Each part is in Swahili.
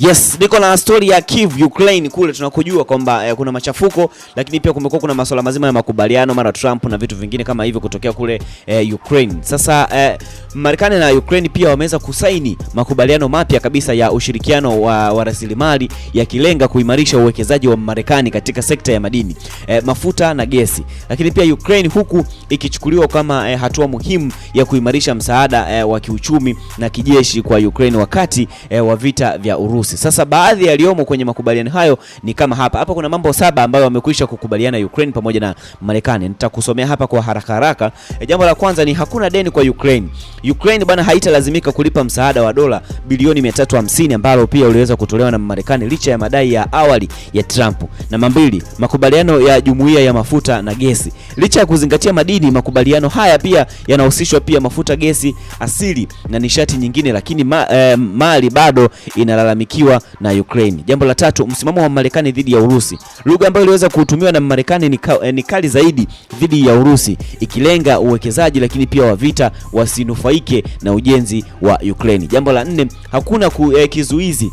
Yes, niko na story ya Kiev Ukraine kule tunakujua kwamba eh, kuna machafuko lakini pia kumekuwa kuna masuala mazima ya makubaliano mara Trump na vitu vingine kama hivyo kutokea kule eh, Ukraine. Sasa eh, Marekani na Ukraine pia wameweza kusaini makubaliano mapya kabisa ya ushirikiano wa, wa rasilimali yakilenga kuimarisha uwekezaji wa Marekani katika sekta ya madini, eh, mafuta na gesi. Lakini pia Ukraine huku ikichukuliwa kama eh, hatua muhimu ya kuimarisha msaada eh, wa kiuchumi na kijeshi kwa Ukraine wakati eh, wa vita vya Urusi. Urusi. Sasa baadhi yaliyomo kwenye makubaliano hayo ni kama hapa hapa, kuna mambo saba ambayo wamekwisha kukubaliana Ukraine pamoja na Marekani. Nitakusomea hapa kwa haraka haraka. E, Jambo la kwanza ni hakuna deni kwa Ukraine. Ukraine bwana haitalazimika kulipa msaada wa dola bilioni 350 ambalo pia uliweza kutolewa na Marekani licha ya madai ya awali ya Trump. Namba mbili, makubaliano ya jumuiya ya mafuta na gesi. Licha ya kuzingatia madini, makubaliano haya pia yanahusishwa pia mafuta, gesi asili na nishati nyingine, lakini ma, eh, mali bado inalalamikia ikiwa na Ukraine. Jambo la tatu, msimamo wa Marekani dhidi ya Urusi. Lugha ambayo iliweza kutumiwa na Marekani ni, eh, kali zaidi dhidi ya Urusi ikilenga uwekezaji, lakini pia wa vita wasinufaike na ujenzi wa Ukraine. Jambo la nne, hakuna ku, eh, kizuizi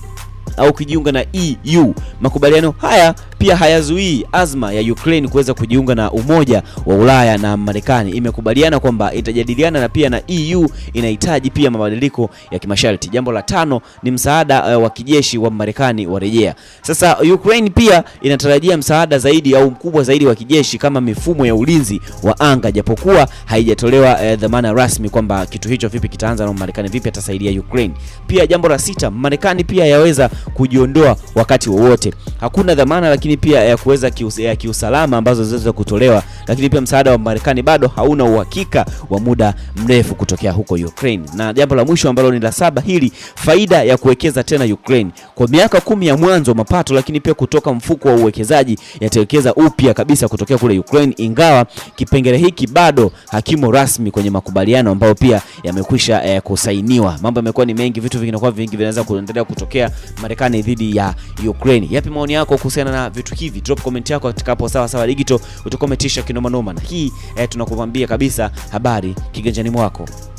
au kujiunga na EU. Makubaliano haya pia hayazuii azma ya Ukraine kuweza kujiunga na Umoja wa Ulaya na Marekani imekubaliana kwamba itajadiliana na pia na EU inahitaji pia mabadiliko ya kimasharti. Jambo la tano ni msaada uh, wa kijeshi wa Marekani warejea. Sasa Ukraine pia inatarajia msaada zaidi au mkubwa zaidi wa kijeshi kama mifumo ya ulinzi wa anga, japokuwa haijatolewa uh, dhamana rasmi kwamba kitu hicho vipi kitaanza na Marekani vipi atasaidia Ukraine. Pia jambo la sita, Marekani pia yaweza kujiondoa wakati wowote. Hakuna dhamana la lakini pia ya kuweza ya kiusalama ambazo zinaweza kutolewa, lakini pia msaada wa Marekani bado hauna uhakika wa muda mrefu kutokea huko Ukraine. Na jambo la mwisho ambalo ni la saba hili, faida ya kuwekeza tena Ukraine. Kwa miaka kumi ya mwanzo mapato, lakini pia kutoka mfuko wa uwekezaji yatawekeza upya kabisa kutokea kule Ukraine, ingawa kipengele hiki bado hakimo rasmi kwenye makubaliano ambayo pia yamekwisha eh, kusainiwa. Mambo yamekuwa ni mengi, vitu vinakuwa vingi, vinaweza kuendelea kutokea Marekani dhidi ya Ukraine. Yapi maoni yako kuhusiana na vitu hivi. Drop comment yako katika hapo sawa sawa digital, utakometisha kinoma noma, na hii eh, tunakuambia kabisa habari kiganjani mwako.